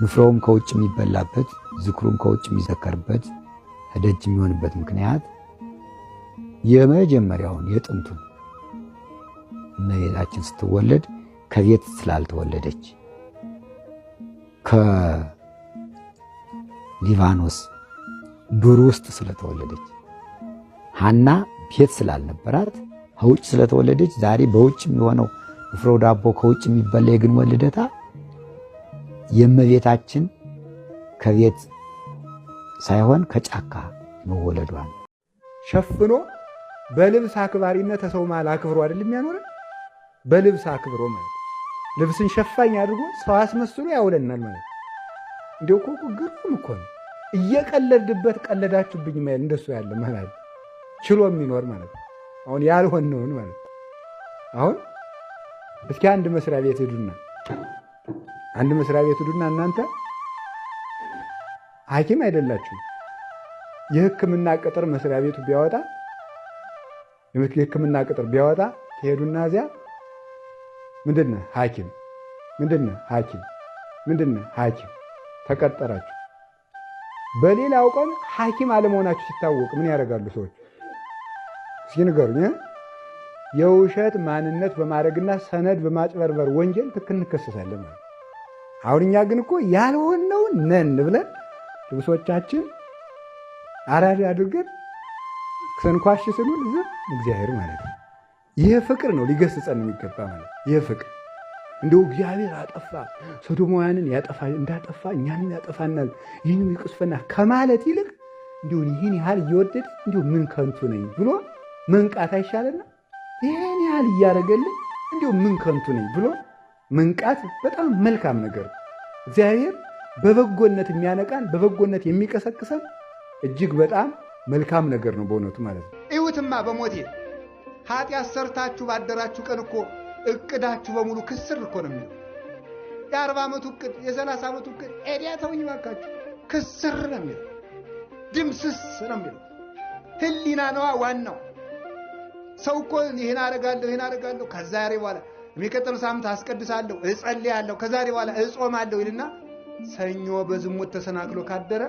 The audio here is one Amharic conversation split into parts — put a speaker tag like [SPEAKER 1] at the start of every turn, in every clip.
[SPEAKER 1] ንፍሮውም ከውጭ የሚበላበት ዝክሩም ከውጭ የሚዘከርበት ደጅ የሚሆንበት ምክንያት የመጀመሪያውን የጥንቱን እመቤታችን ስትወለድ ከቤት ስላልተወለደች ከሊባኖስ ዱር ውስጥ ስለተወለደች ሐና ቤት ስላልነበራት ከውጭ ስለተወለደች ዛሬ በውጭ የሚሆነው ንፍሮ ዳቦ ከውጭ የሚበላ የግን ወልደታ የእመቤታችን ከቤት ሳይሆን ከጫካ መወለዷን
[SPEAKER 2] ሸፍኖ በልብስ አክባሪነት ሰው ማል አክብሮ አይደል የሚያኖረ በልብስ አክብሮ ማለት ልብስን ሸፋኝ አድርጎ ሰው አስመስሎ ያውለናል ማለት ።እንዲ እኮ ግሩም እኮ ነው። እየቀለድበት ቀለዳችሁብኝ ማል እንደሱ ያለ ማለት ችሎ የሚኖር ማለት አሁን ያልሆነውን ማለት አሁን እስኪ አንድ መስሪያ ቤት ሄዱና አንድ መስሪያ ቤት ሂዱና እናንተ ሐኪም አይደላችሁ የሕክምና ቅጥር መስሪያ ቤቱ ቢያወጣ የሕክምና ቅጥር ቢያወጣ ትሄዱና እዚያ ምንድነ ሐኪም ምንድነ ሐኪም ምንድነ ሐኪም ተቀጠራችሁ። በሌላው ቀን ሐኪም አለመሆናችሁ ሲታወቅ ምን ያደርጋሉ ሰዎች? እስኪ ንገሩኝ። የውሸት ማንነት በማድረግና ሰነድ በማጭበርበር ወንጀል ትክክል እንከሰሳለን ማለት አሁን እኛ ግን እኮ ያልሆነውን ነን ብለን ልብሶቻችን አራድ አድርገን ሰንኳሽ ስንል ዝም እግዚአብሔር ማለት ነው። ይህ ፍቅር ነው ሊገስጸን የሚገባ ማለት ይህ ፍቅር እንደው እግዚአብሔር አጠፋ ሶዶማውያንን ያጠፋ እንዳጠፋ እኛንም ያጠፋናል ይህን ይቅስፈና ከማለት ይልቅ እንዲሁን ይህን ያህል እየወደድ እንዲሁ ምን ከንቱ ነኝ ብሎ መንቃት አይሻለና ይህን ያህል እያደረገልን እንዲሁ ምን ከንቱ ነኝ ብሎ መንቃት በጣም መልካም ነገር። እግዚአብሔር በበጎነት የሚያነቃን በበጎነት የሚቀሰቅሰን እጅግ በጣም መልካም ነገር ነው በእውነቱ ማለት ነው።
[SPEAKER 3] እዩትማ በሞቴ ኃጢአት ሰርታችሁ ባደራችሁ ቀን እኮ እቅዳችሁ በሙሉ ክስር እኮ ነው የሚለው። የአርባ ዓመቱ እቅድ የሰላሳ ዓመቱ እቅድ ኤዲያ ተውኝ ባካችሁ ክስር ነው የሚለው፣ ድምስስ ነው የሚለው። ህሊና ነዋ ዋናው። ሰው እኮ ይህን አደርጋለሁ ይህን አደርጋለሁ ከዛ ያሬ በኋላ የሚቀጥለው ሳምንት አስቀድሳለሁ፣ እጸልያለሁ፣ ከዛሬ በኋላ እጾማለሁ ይልና ሰኞ በዝሙት ተሰናክሎ ካደረ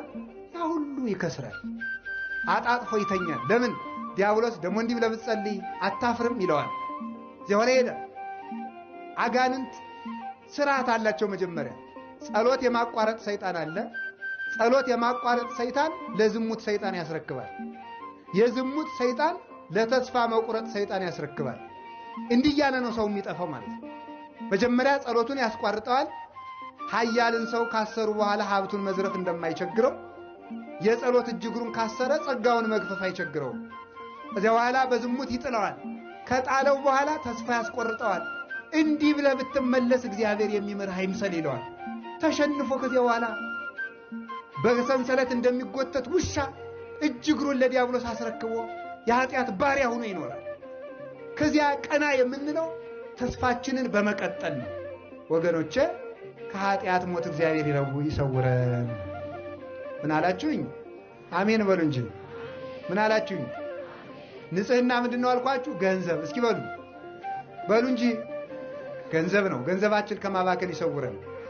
[SPEAKER 3] ያ ሁሉ ይከስራል። አጣጥፎ ይተኛል። ለምን? ዲያብሎስ ደግሞ እንዲህ ብለህ ብትጸልይ አታፍርም ይለዋል። እዚያ ሆነ ሄደ። አጋንንት ስርዓት አላቸው። መጀመሪያ ጸሎት የማቋረጥ ሰይጣን አለ። ጸሎት የማቋረጥ ሰይጣን ለዝሙት ሰይጣን ያስረክባል። የዝሙት ሰይጣን ለተስፋ መቁረጥ ሰይጣን ያስረክባል። እንዲህ እያለ ነው ሰው የሚጠፋው ማለት ነው። መጀመሪያ ጸሎቱን ያስቋርጠዋል። ኃያልን ሰው ካሰሩ በኋላ ሀብቱን መዝረፍ እንደማይቸግረው የጸሎት እጅግሩን ካሰረ ጸጋውን መግፈፍ አይቸግረውም። ከዚያ በኋላ በዝሙት ይጥለዋል። ከጣለው በኋላ ተስፋ ያስቆርጠዋል። እንዲህ ብለህ ብትመለስ እግዚአብሔር የሚምርህ አይምሰል ይለዋል። ተሸንፎ ከዚያ በኋላ በሰንሰለት እንደሚጎተት ውሻ እጅግሩን ለዲያብሎስ አስረክቦ የኃጢአት ባሪያ ሆኖ ይኖራል። ከዚያ ቀና የምንለው ተስፋችንን በመቀጠል ነው። ወገኖቼ ከኃጢአት ሞት እግዚአብሔር ይረቡ ይሰውረን። ምን አላችሁኝ? አሜን በሉ እንጂ። ምን አላችሁኝ? ንጽህና ምንድን ነው አልኳችሁ? ገንዘብ እስኪ በሉ በሉ እንጂ ገንዘብ ነው። ገንዘባችን ከማባከል ይሰውረን።